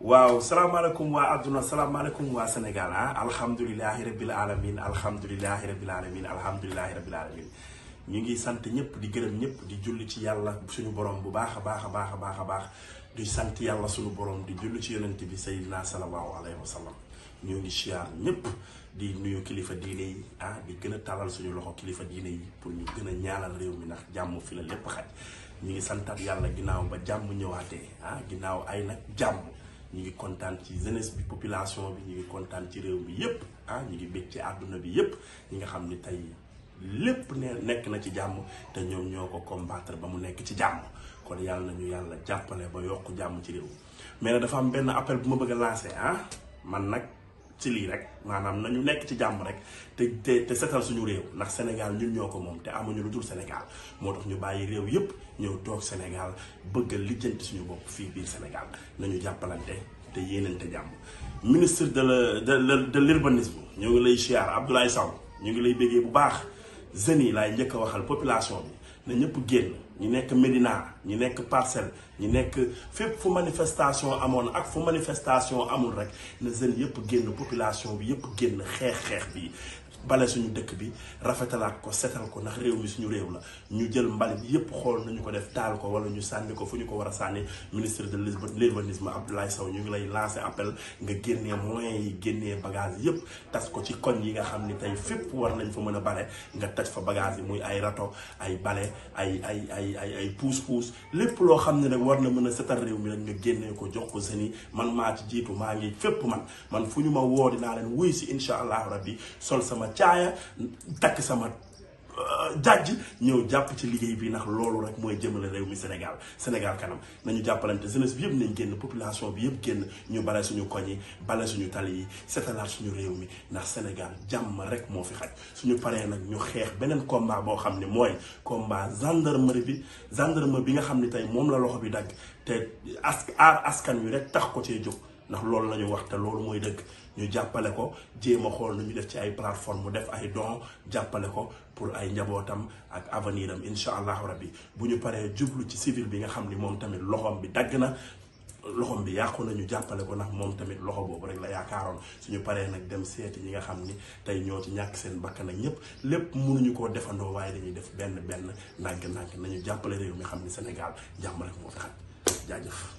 waaw salaamaaleykum waa adduna salaamaaleykum waa Sénégal ah alhamdulilahi rabil alamin alhamdulilahi rabil alamin alhamdulilahi rabil alamin ñu ngi sant ñëpp di gërëm ñëpp di julli ci yàlla suñu borom bu baax a baax a baax a baax a baax di sant yàlla suñu borom di julli ci yonent bi sayyidina sallallahu alayhi wa sallam ñoo ngi siyaar ñëpp di nuyu kilifa diine yi ah di gën a talal suñu loxo kilifa diine yi pour ñu gën a ñaanal réew mi ndax jàmm fi la lépp xaj ñu ngi santaat yàlla ginnaaw ba jàmm ñëwaatee ah ginnaaw ay nag jàmm ñu ngi kontaan ci jeunesse bi population bi ñu ngi kontaan ci réew mi yépp ah ñu ngi bég ci àdduna bi yépp ñi nga xam ni tey lépp ne nekk na ci jàmm te ñëw ñoo ko combattre ba mu nekk ci jàmm kon yàlla na ñu yàlla jàppale ba yokk jàmm ci réew mais nag dafa am benn appel bu ma bëgg a lancé ah man nag. ci lii rek maanaam ñu nekk ci jàmm rek te te te setal suñu réew ndax Sénégal ñun ñoo ko moom te amuñu lu dul Sénégal moo tax ñu bàyyi réew yépp ñëw toog Sénégal bëgg a lijjanti suñu bopp fii biir Sénégal ñu jàppalante te yéenante jàmm ministre de la de de l'urbanisme ñoo ngi lay siyaar Abdoulaye Sow ñu ngi lay béggee bu baax jeunes yi laay njëkk a waxal population bi na ñëpp génn ñu nekk Médina ñu nekk parcelle ñu nekk fépp fu manifestation amoon ak fu manifestation amul rek na jeunes yëpp génn population bi yëpp génn xeex xeex bi bale suñu dëkk bi rafetalaat ko setal ko ndax réew mi suñu réew la ñu jël mbalit yépp xool nañu ko def taal ko wala ñu sànni ko fu ñu ko war a sànni ministre de l'urbanisme Abdoulaye Sow ñu ngi lay lancé appel nga génnee moyens yi génnee bagage yépp tas ko ci koñ yi nga xam ni tey fépp war nañ fa mën a bale nga taj fa bagage yi muy ay rato ay bale ay ay ay ay ay puus puus lépp loo xam ne nag war na mën a setal réew mi nag nga génnee ko jox ko ni man maa ci jiitu maa ngi fépp man man fu ñu ma woo naa leen wuy si incha allah rabbi sol sama sama caaya takk sama euh, jàjj ñëw jàpp ci liggéey bi ndax loolu rek mooy jëmale réew mi Sénégal Sénégal kanam nañu jàppalante jeunesse bi yëpp nañ génn population bi yëpp génn ñu bale suñu koñ yi bale suñu tali yi setalaat suñu réew mi ndax Sénégal jàmm rek moo fi xaj suñu paree nag ñu xeex beneen combat boo xam ne mooy combat gendarmerie bi gendarme bi nga xam ne tey moom la loxo bi dagg te as aar askan wi rek tax ko cee jóg ndax loolu la ñu wax te loolu mooy dëgg ñu jàppale ko jéem a xool nu ñu def ci ay plateforme mu def ay don jàppale ko pour ay njabootam ak avenir am incha allahu rabbi bu ñu paree jublu ci civil bi nga xam ni moom tamit loxoom bi dagg na loxoom bi yàqu na jàppale ko ndax moom tamit loxo boobu rek la yaakaaroon suñu paree nag dem seeti ñi nga xam ni tey ñoo ci ñàkk seen bakkan ak ñëpp lépp mënuñu koo defandoo waaye dañuy def benn benn ndànk-ndànk nañu jàppale réew mi xam ni Sénégal jàmm rek moo fi xat